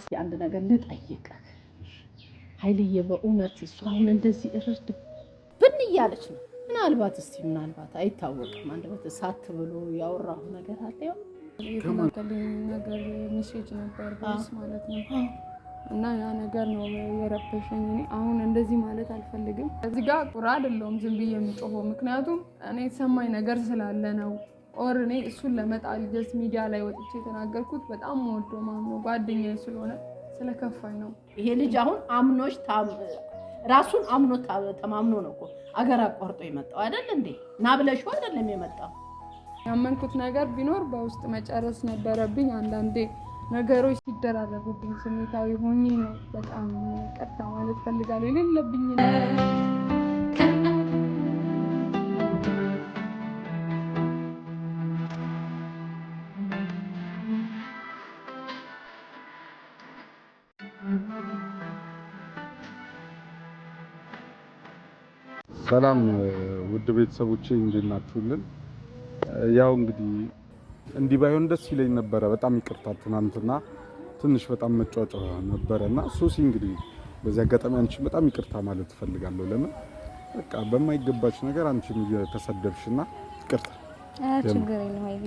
እስኪ አንድ ነገር ልጠይቅህ ኃይልዬ በእውነት እሱ አሁን እንደዚህ እርድ ብን እያለች ነው። ምናልባት እስኪ ምናልባት አይታወቅም፣ በት ሳት ብሎ ያወራሁ ነገር አለ ያው ነገር ሜሴጅ ነበር ስ ማለት ነው እና ያ ነገር ነው የረበሸኝ። እኔ አሁን እንደዚህ ማለት አልፈልግም። እዚህ ጋር ቁራ አይደለሁም ዝም ብዬ ምክንያቱም እኔ የተሰማኝ ነገር ስላለ ነው። ኦር እኔ እሱን ለመጣል ጀስት ሚዲያ ላይ ወጥቼ የተናገርኩት በጣም ወዶ ማምኖ ጓደኛ ስለሆነ ስለከፋኝ ነው። ይሄ ልጅ አሁን አምኖች ራሱን አምኖ ተማምኖ ነው እኮ አገር አቋርጦ የመጣው አይደል እንዴ? ና ብለሽ አይደለም የመጣው። ያመንኩት ነገር ቢኖር በውስጥ መጨረስ ነበረብኝ። አንዳንዴ ነገሮች ሲደራረቡብኝ ስሜታዊ ሆኜ ነው። በጣም ቀጥታ ማለት ፈልጋለሁ የሌለብኝ ሰላም ውድ ቤተሰቦቼ እንዴት ናችሁልን? ያው እንግዲህ እንዲህ ባይሆን ደስ ይለኝ ነበረ። በጣም ይቅርታ፣ ትናንትና ትንሽ በጣም መጫጫ ነበረ እና ሶሲ እንግዲህ በዚህ አጋጣሚ አንቺን በጣም ይቅርታ ማለት እፈልጋለሁ። ለምን በቃ በማይገባች ነገር አንቺን እየተሰደብሽና ይቅርታ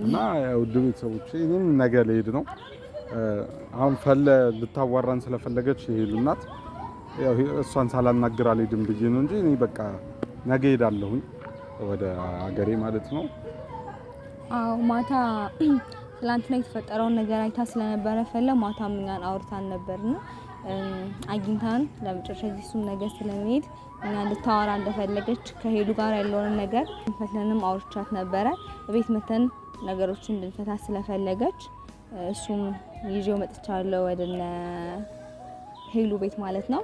እና ውድ ቤተሰቦች እኔም ነገ ልሄድ ነው። አሁን ፈለ ልታዋራን ስለፈለገች ይሄሉናት ያው እሷን ሳላናግር አልሄድም ብዬ ነው እንጂ እኔ በቃ ነገ ሄዳለሁኝ ወደ ሀገሬ ማለት ነው። አዎ ማታ ትላንትና የተፈጠረውን ነገር አይታ ስለነበረ ፈለ ማታ እኛን አውርታን ነበርና አግኝታን ለመጨረሻ ጊዜ እሱም ነገር ስለሚሄድ እና ልታወራ እንደፈለገች ከሄሉ ጋር ያለውን ነገር ፈትለንም አውርቻት ነበረ። ቤት መተን ነገሮችን እንድንፈታ ስለፈለገች እሱም ይዤው መጥቻለሁ ወደነ ሄሉ ቤት ማለት ነው።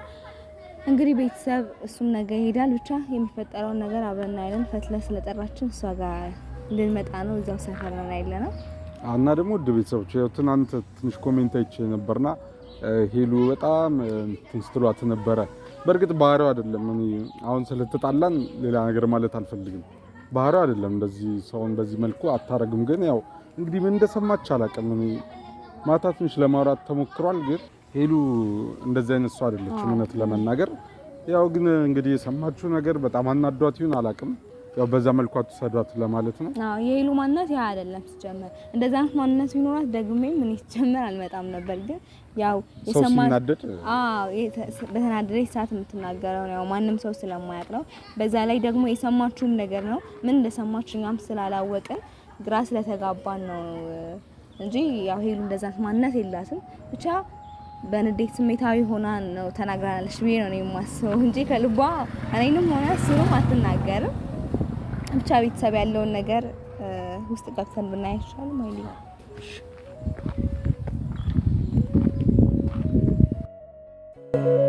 እንግዲህ ቤተሰብ እሱም ነገ ይሄዳል። ብቻ የሚፈጠረውን ነገር አብረና አይለን ፈትለ ስለጠራችን እሷ ጋር ልንመጣ ነው። እዛው ሰፈር ነን ነው እና ደግሞ ውድ ቤተሰቦች ትናንት ትንሽ ኮሜንት አይቼ ነበርና ሄሉ በጣም ስትሏት ነበረ። በእርግጥ ባህሪው አይደለም። አሁን ስለተጣላን ሌላ ነገር ማለት አልፈልግም። ባህሪው አይደለም እንደዚህ ሰውን በዚህ መልኩ አታረግም። ግን ያው እንግዲህ ምን እንደሰማች አላውቅም። ማታ ትንሽ ለማውራት ተሞክሯል ግን ሄሉ እንደዚህ አይነት ሰው አይደለችም፣ እውነት ለመናገር ያው ግን እንግዲህ የሰማችሁ ነገር በጣም አናዷት ይሁን አላውቅም። ያው በዛ መልኩ አትሰዷት ለማለት ነው። አዎ የሄሉ ማንነት ያ አይደለም። ሲጀመር እንደዛ አይነት ማንነት ቢኖራት ደግሜ ምን ሲጀመር አልመጣም ነበር። ግን ያው የሰማ አዎ በተናደደች ሰዓት የምትናገረው ነው። ያው ማንም ሰው ስለማያውቅ ነው። በዛ ላይ ደግሞ የሰማችሁም ነገር ነው። ምን እንደሰማችሁ እኛም ስላላወቅን ግራ ስለተጋባን ነው እንጂ ያው ሄሉ እንደዛ አይነት ማንነት የላትም ብቻ በንዴት ስሜታዊ ሆና ነው ተናግራለች ብዬ ነው የማስበው እንጂ ከልቧ እኔንም ሆነ እሱንም አትናገርም። ብቻ ቤተሰብ ያለውን ነገር ውስጥ ገብተን ብናይ አይሻልም? thank you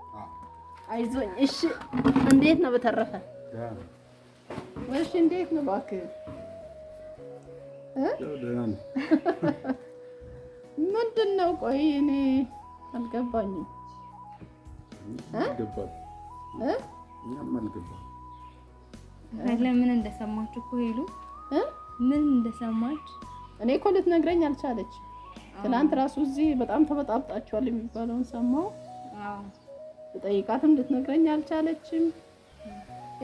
አይዞኝ። እሺ፣ እንዴት ነው? በተረፈ እሺ፣ እንዴት ነው? እባክህ ምንድን ነው? ቆይ እኔ አልገባኝም። ምን እንደሰማች እኮ ሄሉ፣ ምን እንደሰማች እኔ እኮ ልትነግረኝ አልቻለች። ትናንት ራሱ እዚህ በጣም ተበጣብጣችኋል የሚባለውን ሰማሁ። ጠይቃትም ልትነግረኝ አልቻለችም።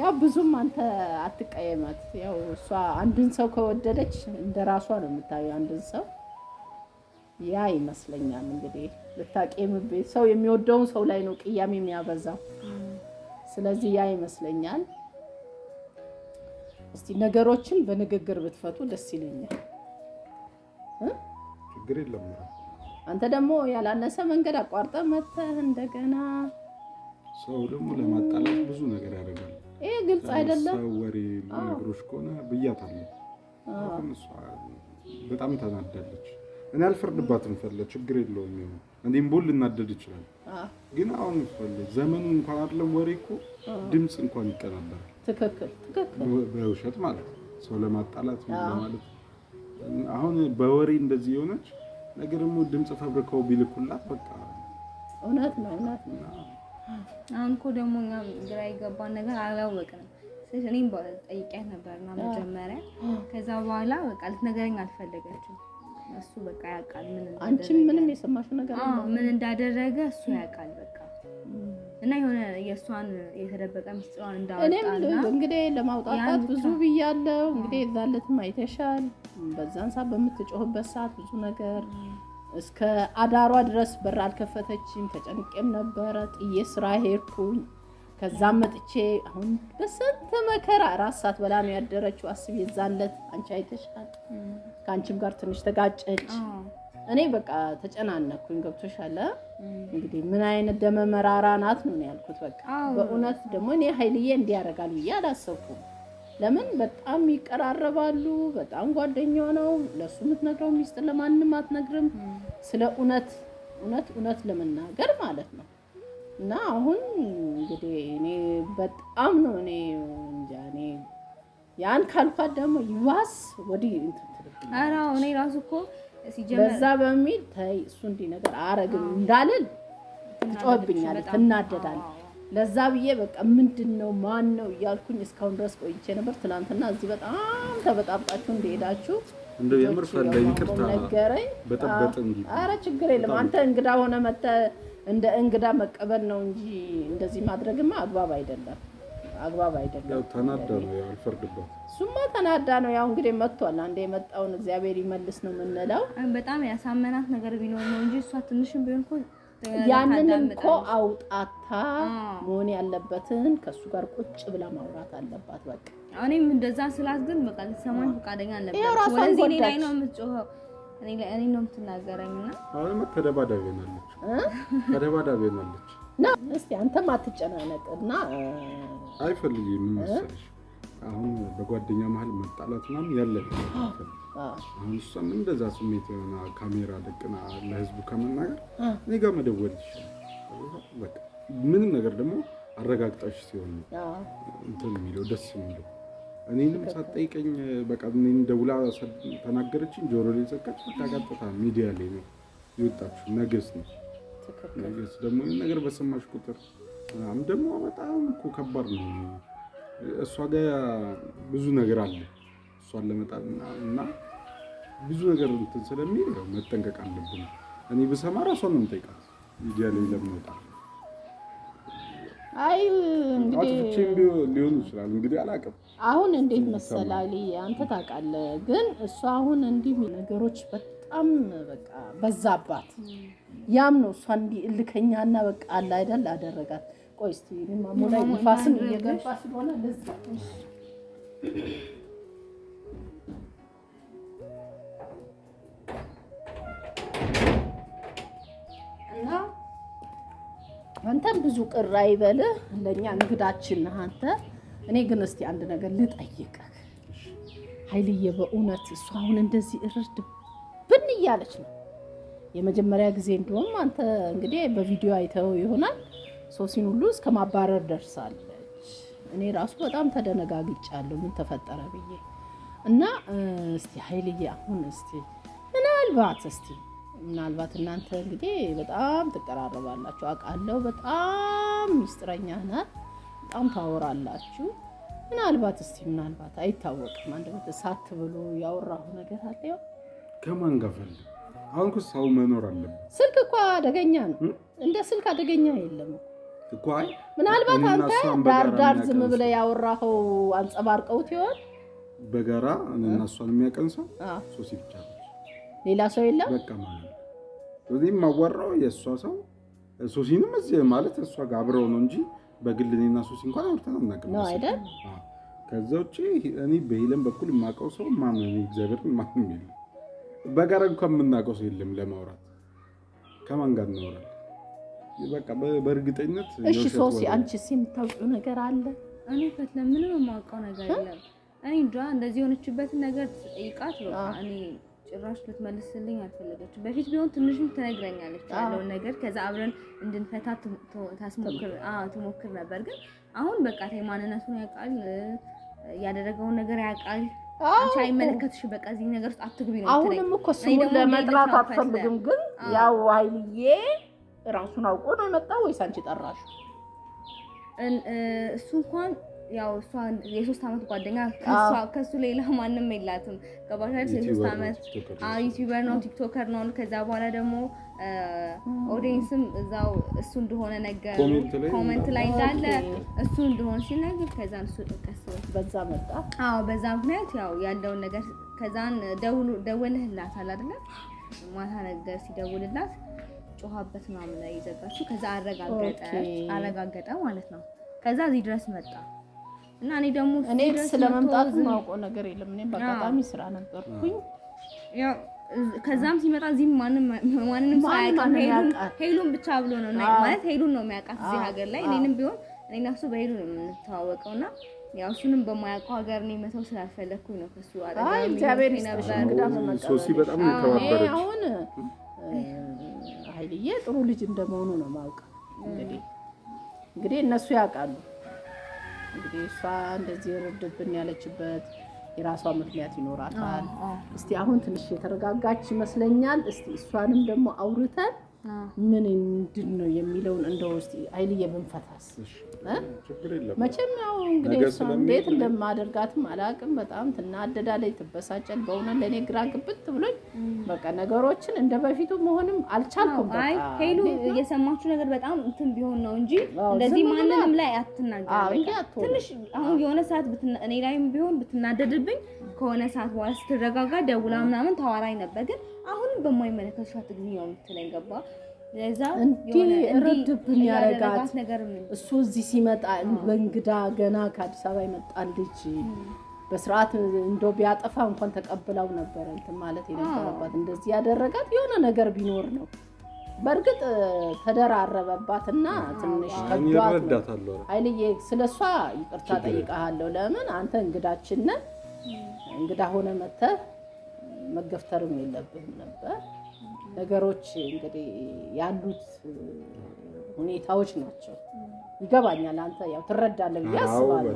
ያው ብዙም አንተ አትቀየማት። ያው እሷ አንድን ሰው ከወደደች እንደ ራሷ ነው የምታየው አንድን ሰው። ያ ይመስለኛል እንግዲህ ልታቄምብኝ። ሰው የሚወደውን ሰው ላይ ነው ቅያሜ የሚያበዛው። ስለዚህ ያ ይመስለኛል። እስቲ ነገሮችን በንግግር ብትፈቱ ደስ ይለኛል። ችግር የለም። አንተ ደግሞ ያላነሰ መንገድ አቋርጠ መተህ እንደገና ሰው ደግሞ ለማጣላት ብዙ ነገር ያደርጋል። ይሄ ግልጽ አይደለም። ሰው ወሬ ነገሮች ከሆነ ብያታለሁ። በጣም ተናዳለች። እኔ አልፈርድባትም። ፈለ ችግር የለውም ይሁን እንዲህም ቦል ልናደድ ይችላል። ግን አሁን ፈለ ዘመኑ እንኳን አይደለም ወሬ እኮ ድምፅ እንኳን ይቀናበራል። ትክክል ትክክል። በውሸት ማለት ሰው ለማጣላት ማለት አሁን በወሬ እንደዚህ የሆነች ነገር ደግሞ ድምፅ ፈብርከው ቢልኩላት በቃ እውነት ነው እውነት ነው አሁን እኮ ደግሞ እኛም ግራ የገባን ነገር አላወቅንም። ስለዚህ እኔም ጠይቄያት ነበርና መጀመሪያ፣ ከዛ በኋላ በቃ ልትነገረኝ አልፈለገችም። እሱ በቃ ያውቃል ምን አንቺም ምንም የሰማሽው ነገር ምን እንዳደረገ እሱ ያውቃል በቃ እና የሆነ የእሷን የተደበቀ ምስጢሯን እንዳወጣና እኔም እንግዲህ ለማውጣጣት ብዙ ብያለሁ። እንግዲህ የዛን ዕለትም አይተሻል። በዛን ሰዓት በምትጮህበት ሰዓት ብዙ ነገር እስከ አዳሯ ድረስ በር አልከፈተችም። ተጨንቄም ነበረ። ጥዬ ስራ ሄድኩኝ። ከዛ መጥቼ አሁን በስንት መከራ ራስ ሰዓት በላ ነው ያደረችው። አስብ የዛለት ዕለት አንቺ አይተሻል። ከአንቺም ጋር ትንሽ ተጋጨች። እኔ በቃ ተጨናነኩኝ። ገብቶሻል። እንግዲህ ምን አይነት ደመ መራራ ናት ነው ያልኩት። በቃ በእውነት ደግሞ እኔ ሀይልዬ እንዲያደርጋል ብዬ አላሰብኩም። ለምን በጣም ይቀራረባሉ። በጣም ጓደኛው ነው። ለሱ የምትነግረው ሚስጥ ለማንም አትነግርም። ስለ እውነት እውነት እውነት ለመናገር ማለት ነው። እና አሁን እንግዲህ እኔ በጣም ነው እኔ እንጃ እኔ ያን ካልኳት ደግሞ ይባስ ወዲህ ኧረ እኔ ራሱ እኮ ሲጀመር በዛ በሚል ተይ እሱ እንዲህ ነገር አረግም እንዳልል ትጮህብኛለች፣ ትናደዳለች ለዛ ብዬ በቃ ምንድን ነው ማን ነው እያልኩኝ እስካሁን ድረስ ቆይቼ ነበር። ትናንትና እዚህ በጣም ተበጣብጣችሁ እንደሄዳችሁ እንደው የምር ፈለግ ይቅርታ ነገረኝ። አረ ችግር የለም አንተ እንግዳ ሆነ መተህ እንደ እንግዳ መቀበል ነው እንጂ እንደዚህ ማድረግማ አግባብ አይደለም፣ አግባብ አይደለም። ያው ተናዳ ነው አልፈርድባት። እሱማ ተናዳ ነው ያው እንግዲህ መጥቷል። አንዴ የመጣውን እግዚአብሔር ይመልስ ነው የምንለው። በጣም ያሳመናት ነገር ቢኖር ነው እንጂ እሷ ትንሽም ቢሆን እኮ ያንንም እኮ አውጣታ መሆን ያለበትን ከእሱ ጋር ቁጭ ብላ ማውራት አለባት። በቃ እኔም እንደዛ ስላት ግን በቃ ልትሰማኝ ፈቃደኛ አለበት። እኔ ላይ ነው የምትጮኸው፣ እኔ ነው የምትናገረኝ። እና አሁን ተደባዳቢ ሆናለች፣ ተደባዳቢ ሆናለች። እስኪ አንተም አትጨናነቅ እና አይፈልግ ምን መሰለሽ አሁን በጓደኛ መሀል መጣላት ምናምን ያለን አሁን እሷም እንደዛ ስሜት የሆነ ካሜራ ደቅና ለህዝቡ ከመናገር እኔ ጋር መደወል ይችላል። ምንም ነገር ደግሞ አረጋግጣሽ ሲሆን እንትን የሚለው ደስ የሚለው እኔንም ሳትጠይቀኝ በቃ እኔን ደውላ ተናገረችኝ፣ ጆሮ ላይ ዘቀች ታጋጠታ ሚዲያ ላይ ነው የወጣችሁ። ነገስ ነው ነገስ ደግሞ ነገር በሰማሽ ቁጥር ምናምን ደግሞ በጣም እኮ ከባድ ነው። እሷ ጋር ብዙ ነገር አለ እሷን ለመጣል እና ብዙ ነገር እንትን ስለሚል መጠንቀቅ አለብን። እኔ ብሰማ ራሷን ነው የምጠይቃት። ሚዲያ ላይ ለምንወጣ አይ እንግዲህ ሊሆን ይችላል እንግዲህ አላውቅም። አሁን እንዴት መሰላል አንተ ታውቃለህ፣ ግን እሷ አሁን እንዲህ ነገሮች በጣም በቃ በዛባት። ያም ነው እሷ እንዲህ እልከኛና በቃ አለ አይደል አደረጋት ቆይ እስኪ ማሞ ላይ ንፋስም እየገባ ስለሆነ ለዛ እና አንተም ብዙ ቅር አይበልህ፣ ለእኛ እንግዳችን ነህ አንተ። እኔ ግን እስቲ አንድ ነገር ልጠይቅህ ኃይልዬ በእውነት እሱ አሁን እንደዚህ እርድ ብን እያለች ነው የመጀመሪያ ጊዜ። እንደውም አንተ እንግዲህ በቪዲዮ አይተው ይሆናል ሶሲን ሁሉ እስከ ማባረር ደርሳለች። እኔ ራሱ በጣም ተደነጋግጫለሁ፣ ምን ተፈጠረ ብዬ እና እስቲ ሀይልዬ አሁን እስቲ ምናልባት እስቲ ምናልባት እናንተ እንግዲህ በጣም ትቀራረባላችሁ አውቃለሁ። በጣም ሚስጥረኛ ናት፣ በጣም ታወራላችሁ። ምናልባት እስቲ ምናልባት አይታወቅም፣ አንድ ቤት እሳት ብሎ ያወራሁ ነገር አለ። ያው ከማን ጋር ፈል አሁን እኮ ሰው መኖር አለበት። ስልክ እኮ አደገኛ ነው፣ እንደ ስልክ አደገኛ የለም። እኮ ምናልባት አንተ ዳር ዳር ዝም ብለህ ያወራኸው አንጸባርቀውት ይሆን? በጋራ እና እሷን የሚያቀን ሰው ሶሲ ብቻ ሌላ ሰው የለም። በቃ ማለት ስለዚህ የማዋራው የእሷ ሰው ሶሲንም እዚህ ማለት እሷ ጋር አብረው ነው እንጂ በግል እኔና ሶሲ እንኳን አውርተን አናውቅም አይደል። ከዛ ውጭ እኔ በሄለን በኩል የማውቀው ሰው ማን እግዚአብሔር ማንም የለም። በጋራ እንኳን የምናውቀው ሰው የለም ለማውራት ከማን ጋር እናወራለን? በቃ በእርግጠኝነት እሺ። ሶሲ አንቺስ የምታውቂው ነገር አለ? እኔ ፈትለ ምንም የማውቀው ነገር የለም። እኔ እንጃ እንደዚህ የሆነችበትን ነገር ጠይቃት እኔ ጭራሽ ልትመልስልኝ አልፈለገች። በፊት ቢሆን ትንሽም ትነግረኛለች ያለውን ነገር ከዛ አብረን እንድንፈታ ትሞክር ነበር። ግን አሁን በቃ ታይ ማንነቱን ያውቃል፣ ያደረገውን ነገር ያውቃል። አንቺ አይመለከትሽ በቃ እዚህ ነገር ውስጥ አትግቢ ነው። አሁንም እኮ እሱ ለመጥራት አትፈልግም፣ ግን ያው ሀይልዬ ራሱን አውቆ ነው የመጣ ወይስ አንቺ ጠራሽ? እሱ እንኳን ያው እሷ የሶስት ዓመት ጓደኛ ከሱ ሌላ ማንም የላትም። ገባሽ? የሶስት ዓመት ዩቲዩበር ነው ቲክቶከር ነው። ከዛ በኋላ ደግሞ ኦዲየንስም እዛው እሱ እንደሆነ ነገር ኮመንት ላይ እንዳለ እሱ እንደሆነ ሲነግር ከዛን እሱ ጥቀስ በዛ መጣ። አዎ በዛ ምክንያት ያው ያለውን ነገር ከዛን ደውለህላት አለ አይደለ? ማታ ነገር ሲደውልላት ጮኋበት ምናምን ላይ ይዘጋችሁ። ከዛ አረጋገጠ አረጋገጠ ማለት ነው። ከዛ እዚህ ድረስ መጣ እና እኔ ደግሞ እኔ ስለመምጣቱ ማውቀው ነገር የለም። እኔም በአጋጣሚ ስራ ነበርኩኝ። ያው ከዛም ሲመጣ እዚህም ማንም ማንንም ሳያውቅም ሄሉን ብቻ ብሎ ነው ማለት ሄሉን ነው የሚያውቃት እዚህ ሀገር ላይ። እኔንም ቢሆን እኔና እሱ በሄሉ ነው የምንተዋወቀው እና ያው እሱንም በማያውቀው ሀገር እኔ መተው ስላልፈለግኩኝ ነው ከሱ አጠገብ ነበር። ሶሲ በጣም ተባበረች። ሀይልዬ ጥሩ ልጅ እንደመሆኑ ነው ማውቅ እንግዲህ እንግዲህ እነሱ ያውቃሉ። እንግዲህ እሷ እንደዚህ ርድብን ያለችበት የራሷ ምክንያት ይኖራታል። እስቲ አሁን ትንሽ የተረጋጋች ይመስለኛል። እስቲ እሷንም ደግሞ አውርተን ምን ምንድን ነው የሚለውን እንደ እስኪ አይልዬ ብንፈታስ መቼም ያው እንግዲህ እሷ እንዴት እንደማደርጋትም አላውቅም። በጣም ትናደዳለች፣ ትበሳጨል። በእውነት ለእኔ ግራ ግብት ብሎኝ በቃ ነገሮችን እንደ በፊቱ መሆንም አልቻልኩም። ሄሉ የሰማችሁ ነገር በጣም እንትን ቢሆን ነው እንጂ እንደዚህ ማንንም ላይ አትናገር። ትንሽ አሁን የሆነ ሰዓት እኔ ላይም ቢሆን ብትናደድብኝ ከሆነ ሰዓት በኋላ ስትረጋጋ ደውላ ምናምን ታዋራኝ ነበር ግን አሁንም በማይመለከት ሻት ግን ያው የምትለኝ ገባ እንዲህ ረድብን ያረጋት እሱ እዚህ ሲመጣ በእንግዳ ገና ከአዲስ አበባ የመጣን ልጅ በስርዓት እንደው ቢያጠፋ እንኳን ተቀብላው ነበረ እንትን ማለት የነበረባት። እንደዚህ ያደረጋት የሆነ ነገር ቢኖር ነው። በእርግጥ ተደራረበባትና ትንሽ ከዷት። ኃይልዬ ስለ እሷ ይቅርታ ጠይቀሃለሁ። ለምን አንተ እንግዳችን ነህ፣ እንግዳ ሆነ መተህ መገፍተርም የለብንም ነበር። ነገሮች እንግዲህ ያሉት ሁኔታዎች ናቸው። ይገባኛል። አንተ ያው ትረዳለህ ብዬ አስባለሁ፣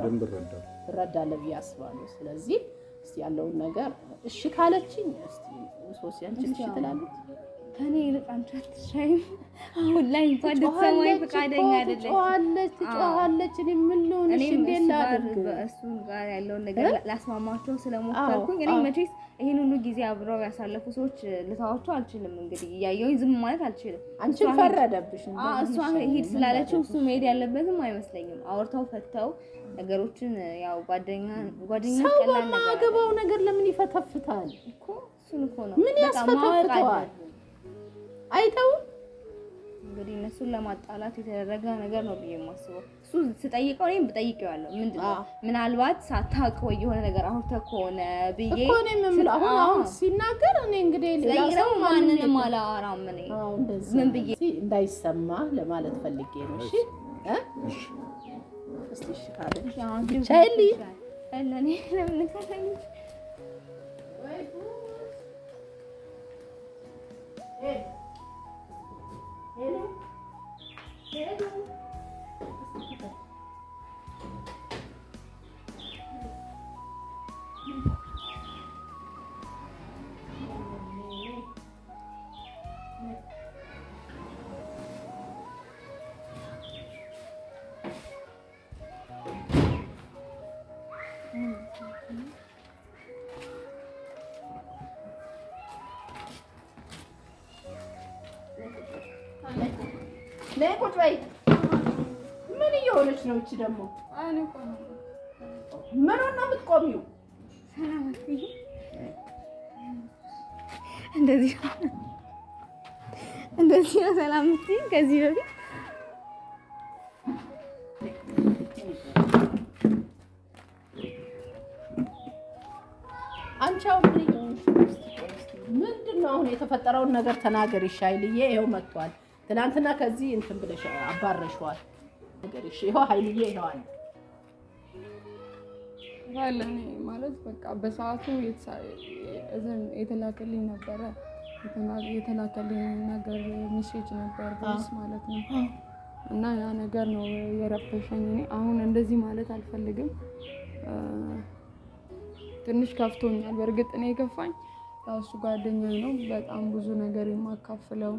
ትረዳለህ ብዬ አስባለሁ። ስለዚህ ያለውን ነገር እሺ ካለችኝ እስኪ ሶሲ አንቺ እሺ ትላለች ከኔ ይልቅ አንቺ አትሻይም። አሁን ላይ እንኳን ልትሰማኝ ፈቃደኛ አይደለች። ትጮሃለች ትጮሃለች። እኔ ምን ልሆንሽ? እንዴት ላድርግ? እሱ ጋር ያለውን ነገር ላስማማቸው ስለሞከርኩኝ እኔ መቼስ ሁሉ ጊዜ አብረው ያሳለፉ ሰዎች ልታዋቸው አልችልም። እንግዲህ እያየሁኝ ዝም ማለት አልችልም። አንቺ ፈረደብሽ። እሷ ሂድ ስላለችው እሱ መሄድ ያለበትም አይመስለኝም። አውርተው ፈተው ነገሮችን ያው ጓደኛ ጓደኛ ሰው ነገር ለምን ይፈተፍታል እኮ እሱን እኮ ነው ምን ያስፈተፍተዋል? አይተውም። እንግዲህ እነሱን ለማጣላት የተደረገ ነገር ነው ብዬ የማስበው። እሱ ስጠይቀው እኔም ብጠይቀዋለሁ። ምንድን ነው ምናልባት ሳታውቅ ወይ የሆነ ነገር አውርተህ ከሆነ ብዬ አሁን ሲናገር እኔ እንግዲህ ስጠይቀው ማንንም አላወራም። እኔ ምን ብዬ እንዳይሰማ ለማለት ፈልጌ ነው። እሺ እስቲ Hello. በይ። ምን እየሆነች ነው እቺ ደግሞ? ምን ነው የምትቆሚው? እንደዚህ እንደዚህ ነው ሰላም የምትይኝ ከዚህ በፊት አንቺ ምንድን ነው አሁን የተፈጠረውን ነገር ተናገር ይሻይልዬ። ይኸው መጥቷል። ትናንትና ከዚህ እንትን ብለሽ አባረሽዋል። ነገርሽ ይኸው ሀይልዬ ይኸዋል ያለኔ ማለት በቃ በሰዓቱ የተላከልኝ ነበረ የተላከልኝ ነገር ሚሴጅ ነበር ስ ማለት ነው። እና ያ ነገር ነው የረበሸኝ። እኔ አሁን እንደዚህ ማለት አልፈልግም። ትንሽ ከፍቶኛል። በእርግጥ እኔ የከፋኝ እሱ ጓደኛ ነው፣ በጣም ብዙ ነገር የማካፍለው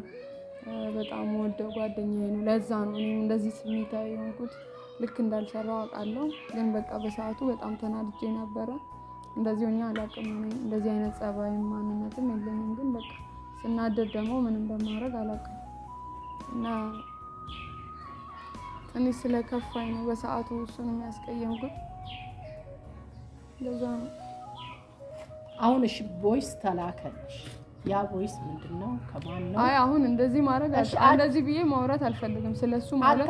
በጣም ወደው ጓደኛዬ ነው። ለዛ ነው እኔም እንደዚህ ስሜታዊ የሆንኩት። ልክ እንዳልሰራው አውቃለሁ፣ ግን በቃ በሰዓቱ በጣም ተናድጄ ነበረ። እንደዚህ ሆኜ አላውቅም። እንደዚህ አይነት ጸባይ ማንነትም የለኝም፣ ግን በቃ ስናደድ ደግሞ ምንም በማድረግ አላውቅም እና ትንሽ ስለከፋኝ ነው በሰዓቱ እሱን የሚያስቀየምኩት። እንደዛ ነው። አሁን እሺ፣ ቦይስ ተላከልሽ ያ ቦይስ ምንድን ነው? ከማን ነው? አይ አሁን እንደዚህ ማድረግ እንደዚህ ብዬ ማውራት አልፈልግም ስለሱ ማለት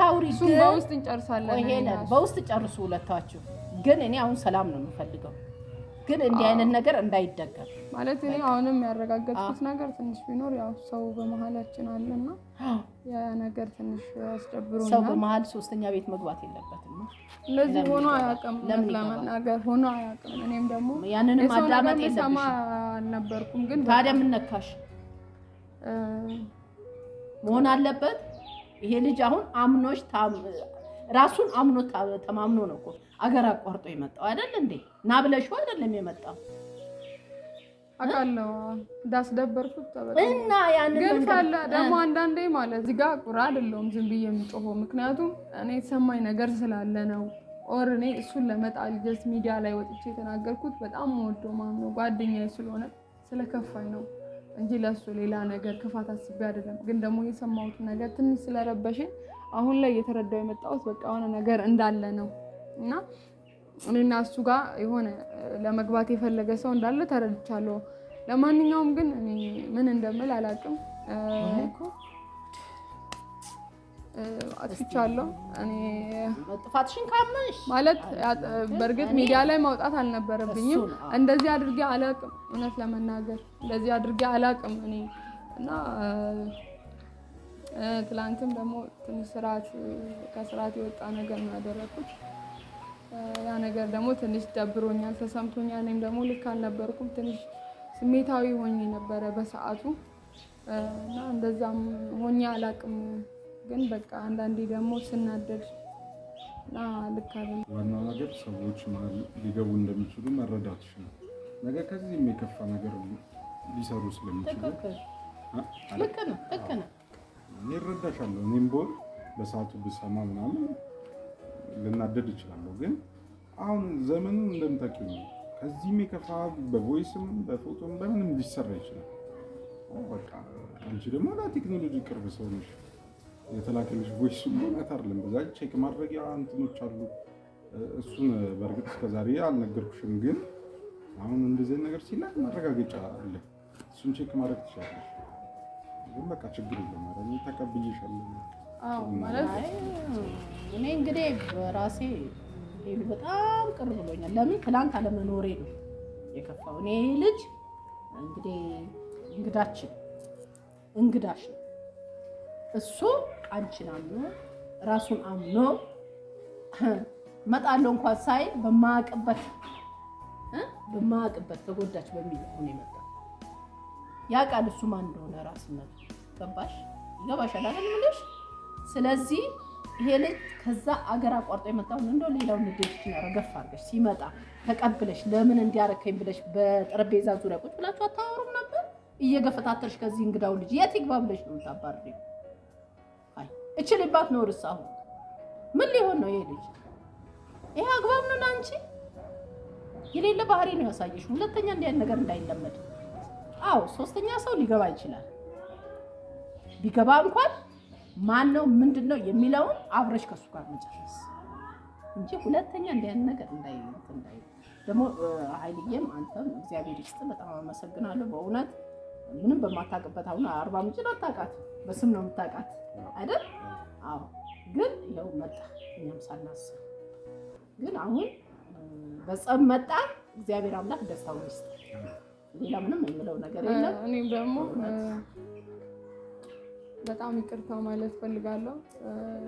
በውስጥ እንጨርሳለን። በውስጥ ጨርሱ ሁለታችሁ። ግን እኔ አሁን ሰላም ነው የምፈልገው። ግን እንዲህ አይነት ነገር እንዳይደገም ማለት እኔ አሁንም ያረጋገጥኩት ነገር ትንሽ ቢኖር ያው ሰው በመሀላችን አለና ያ ነገር ትንሽ ያስጨብሮናል። ሰው በመሀል ሶስተኛ ቤት መግባት የለበትም። እንደዚህ ሆኖ አያውቅም። ለመናገር ሆኖ አያውቅም። እኔም ደግሞ ያንንም አዳመጥ የለብሽም አልነበርኩም። ግን ታዲያ ምን ነካሽ? መሆን አለበት ይሄ ልጅ አሁን አምኖች ራሱን አምኖ ተማምኖ ነው እኮ አገር አቋርጦ የመጣው አይደል እንዴ? ና ብለሽው አይደለም የመጣው አውቃለሁ እንዳስደበርኩት እና ያንን ግን ካለ ደግሞ አንዳንዴ ማለት እዚህ ጋር ቁራ አይደለሁም ዝም ብዬ የምጮኸው ምክንያቱም እኔ የተሰማኝ ነገር ስላለ ነው። ኦር እኔ እሱን ለመጣል ጀስት ሚዲያ ላይ ወጥቼ የተናገርኩት በጣም ወዶ ማም ጓደኛዬ ስለሆነ ስለከፋኝ ነው እንጂ ለእሱ ሌላ ነገር ክፋት አስቤ አይደለም። ግን ደግሞ የሰማሁት ነገር ትንሽ ስለረበሽኝ አሁን ላይ እየተረዳው የመጣሁት በቃ የሆነ ነገር እንዳለ ነው እና እኔና እሱ ጋር የሆነ ለመግባት የፈለገ ሰው እንዳለ ተረድቻለሁ። ለማንኛውም ግን እኔ ምን እንደምል አላውቅም። አጥፍቻለሁ። እኔ ጥፋትሽን ካመንሽ ማለት በእርግጥ ሚዲያ ላይ ማውጣት አልነበረብኝም። እንደዚህ አድርጌ አላውቅም። እውነት ለመናገር እንደዚህ አድርጌ አላውቅም እኔ እና ትላንትም ደግሞ ትንሽ ስርዓት ከስርዓት የወጣ ነገር ነው ያደረኩት። ያ ነገር ደግሞ ትንሽ ደብሮኛል፣ ተሰምቶኛል። እኔም ደግሞ ልክ አልነበርኩም። ትንሽ ስሜታዊ ሆኜ ነበረ በሰዓቱ እና እንደዛም ሆኜ አላቅም። ግን በቃ አንዳንዴ ደግሞ ስናደድ እና ልክ አለ። ዋናው ነገር ሰዎች መሀል ሊገቡ እንደሚችሉ መረዳትሽ ነው። ነገ ከዚህ የሚከፋ ነገር ሊሰሩ ስለሚችሉ ልክ ነው፣ ልክ ነው። እኔ እረዳሻለሁ። እኔም ቦል በሰዓቱ ብሰማ ምናምን ልናደድ እችላለሁ። ግን አሁን ዘመኑ እንደምታውቂው ነው። ከዚህም የከፋ በቮይስም በፎቶም በምንም ሊሰራ ይችላል። በቃ አንቺ ደግሞ ለቴክኖሎጂ ቅርብ ሰው ነሽ። የተላከልሽ ቮይስ እውነት አይደለም። በዛ ቼክ ማድረጊያ እንትኖች አሉ። እሱን በእርግጥ እስከዛሬ አልነገርኩሽም፣ ግን አሁን እንደዚህ ነገር ሲላል ማረጋገጫ አለ። እሱን ቼክ ማድረግ ትችላለሽ። ግን በቃ ችግር የለም ተቀብዬሻለሁ። እኔ እንግዲህ በራሴ በጣም ቅር ብሎኛል። ለምን ትላንት አለመኖሬ ነው የከፋው። እኔ ልጅ እንግዲህ እንግዳችን እንግዳሽ ነው እሱ አንቺን አምኖ ራሱን አምኖ መጣለው እንኳን ሳይ በማያውቅበት በማያውቅበት ተጎዳች በሚል የመጣ ያውቃል እሱ ማን እንደሆነ ራስነት ገባሽ ስለዚህ ይሄ ልጅ ከዛ አገር አቋርጦ የመጣውን እንደው ሌላውን ልጆች ረገፍ አድርገሽ ሲመጣ ተቀብለሽ ለምን እንዲያረከኝ ብለሽ በጠረጴዛ ዙሪያ ቁጭ ብላችሁ አታወሩም ነበር? እየገፈታተርሽ ከዚህ እንግዳው ልጅ የት ይግባ ብለሽ ነው ታባሪ አይ እችልባት ነው አሁን ምን ሊሆን ነው ይሄ ልጅ? ይሄ አግባብ ነው ለአንቺ? የሌለ ባህሪ ነው ያሳየሽ። ሁለተኛ እንዲያን ነገር እንዳይለመድ። አዎ ሶስተኛ ሰው ሊገባ ይችላል። ቢገባ እንኳን ማን ነው ምንድን ነው የሚለውን አብረሽ ከሱ ጋር መጨረስ እንጂ ሁለተኛ እንዲያን ነገር እንዳይ እንዳይ ደግሞ ኃይልዬም አንተም እግዚአብሔር ይስጥ። በጣም አመሰግናለሁ በእውነት ምንም በማታውቅበት አሁን አርባ ምንጭን አታውቃት፣ በስም ነው የምታውቃት አይደል? አዎ። ግን ይኸው መጣ፣ እኛም ሳናስብ ግን አሁን በጸብ መጣ። እግዚአብሔር አምላክ ደስታውን ይስጥ። ሌላ ምንም የምለው ነገር የለም። እኔ ደግሞ በጣም ይቅርታ ማለት ፈልጋለሁ።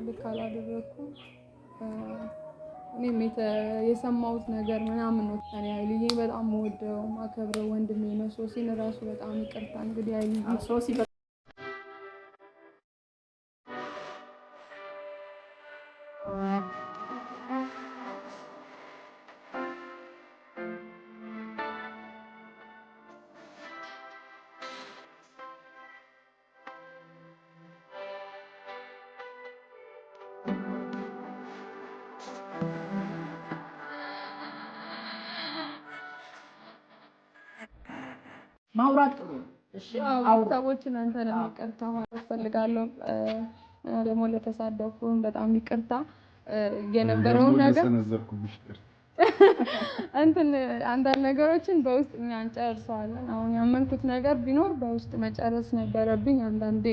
ልክ አላደረኩም። እኔም የሰማሁት ነገር ምናምን ነው። ታዲያ አይልዬ በጣም ወደው ማከብረው ወንድሜ ነው። ሶሲን ራሱ በጣም ይቅርታ እንግዲህ አይልዬ ሰዎች እናንተንም ይቅርታ ማለት እፈልጋለሁ። ደግሞ ለተሳደብኩም በጣም ይቅርታ። የነበረውን ነገር እንትን አንዳንድ ነገሮችን በውስጥ እኛ እንጨርሰዋለን። አሁን ያመንኩት ነገር ቢኖር በውስጥ መጨረስ ነበረብኝ። አንዳንዴ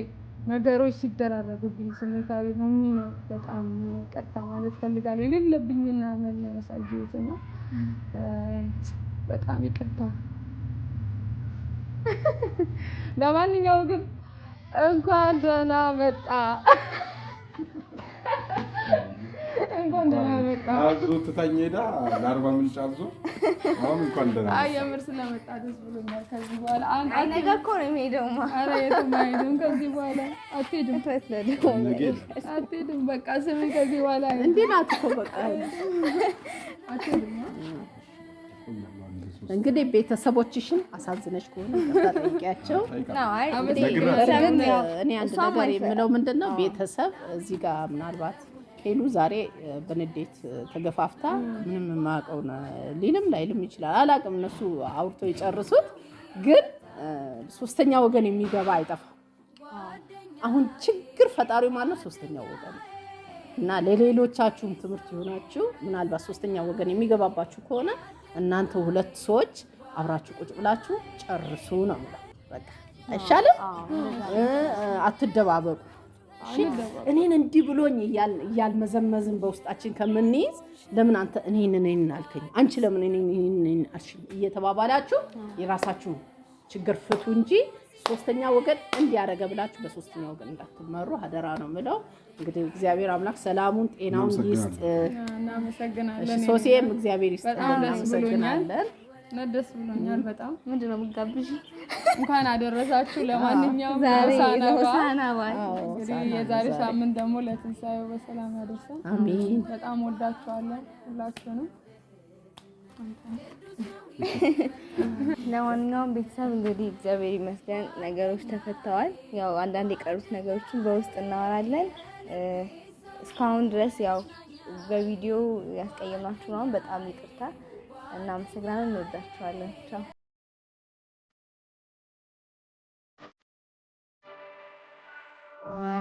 ነገሮች ሲደራረጉብኝ ስሜታዊ ሆኜ ነው። በጣም ይቅርታ ማለት ፈልጋለሁ። እፈልጋለሁ የሌለብኝና መመለስ እና በጣም ይቅርታ ለማንኛውም ግን እንኳን ደህና መጣ፣ እንኳን ደህና መጣ። አዞ ትታኝ ሄዳ ለአርባ ምንጭ አዞ አሁን እንኳን ደህና መጣ። የምር ስለመጣ ደስ ብሎኛል። ከዚህ በኋላ አንድ ነገ እኮ ነው የሚሄደውማ። ኧረ የትም አይሄድም። ከዚህ በኋላ አትሄድም፣ አትሄድም። በቃ ስሚ፣ ከዚህ በኋላ እንዴ ናት እኮ በቃ አትሄድም እንግዲህ ቤተሰቦችሽን አሳዝነሽ ከሆነ ጠይቂያቸው። እኔ አንድ ነገር የምለው ምንድን ነው ቤተሰብ እዚህ ጋር ምናልባት ሄሉ ዛሬ በንዴት ተገፋፍታ ምንም የማያውቀው ሊልም ላይልም ይችላል፣ አላውቅም። እነሱ አውርቶ የጨርሱት ግን ሶስተኛ ወገን የሚገባ አይጠፋም። አሁን ችግር ፈጣሪ ማነው? ሶስተኛ ወገን እና ለሌሎቻችሁም ትምህርት ይሆናችሁ ምናልባት ሶስተኛ ወገን የሚገባባችሁ ከሆነ እናንተ ሁለት ሰዎች አብራችሁ ቁጭ ብላችሁ ጨርሱ ነው የምለው። በቃ አይሻልም? አትደባበቁ። እኔን እንዲህ ብሎኝ መዘመዝን በውስጣችን ከምንይዝ ለምን አንተ እኔን እኔን አልከኝ፣ አንቺ ለምን እኔን እኔን አልሽኝ እየተባባላችሁ የራሳችሁ ችግር ፍቱ እንጂ ሶስተኛ ወገን እንዲያደረገ ብላችሁ በሶስተኛ ወገን እንዳትመሩ አደራ ነው ምለው። እንግዲህ እግዚአብሔር አምላክ ሰላሙን ጤናውን ይስጥ። ሶሴም እግዚአብሔር ይስጥ። እናመሰግናለን። ደስ ብሎኛል በጣም ምንድን ነው የምጋብዥ እንኳን አደረሳችሁ። ለማንኛውም ሆሳና የዛሬ ሳምንት ደግሞ ለትንሳኤው በሰላም ያደርሰን። በጣም ወዳችኋለን ሁላችሁንም። ለማንኛውም ቤተሰብ እንግዲህ እግዚአብሔር ይመስገን ነገሮች ተፈተዋል። ያው አንዳንድ የቀሩት ነገሮችን በውስጥ እናወራለን። እስካሁን ድረስ ያው በቪዲዮ ያስቀየምናችሁ ነው። በጣም ይቅርታ እና አመሰግናለን። እንወዳችኋለን። ቻው Wow.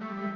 thank you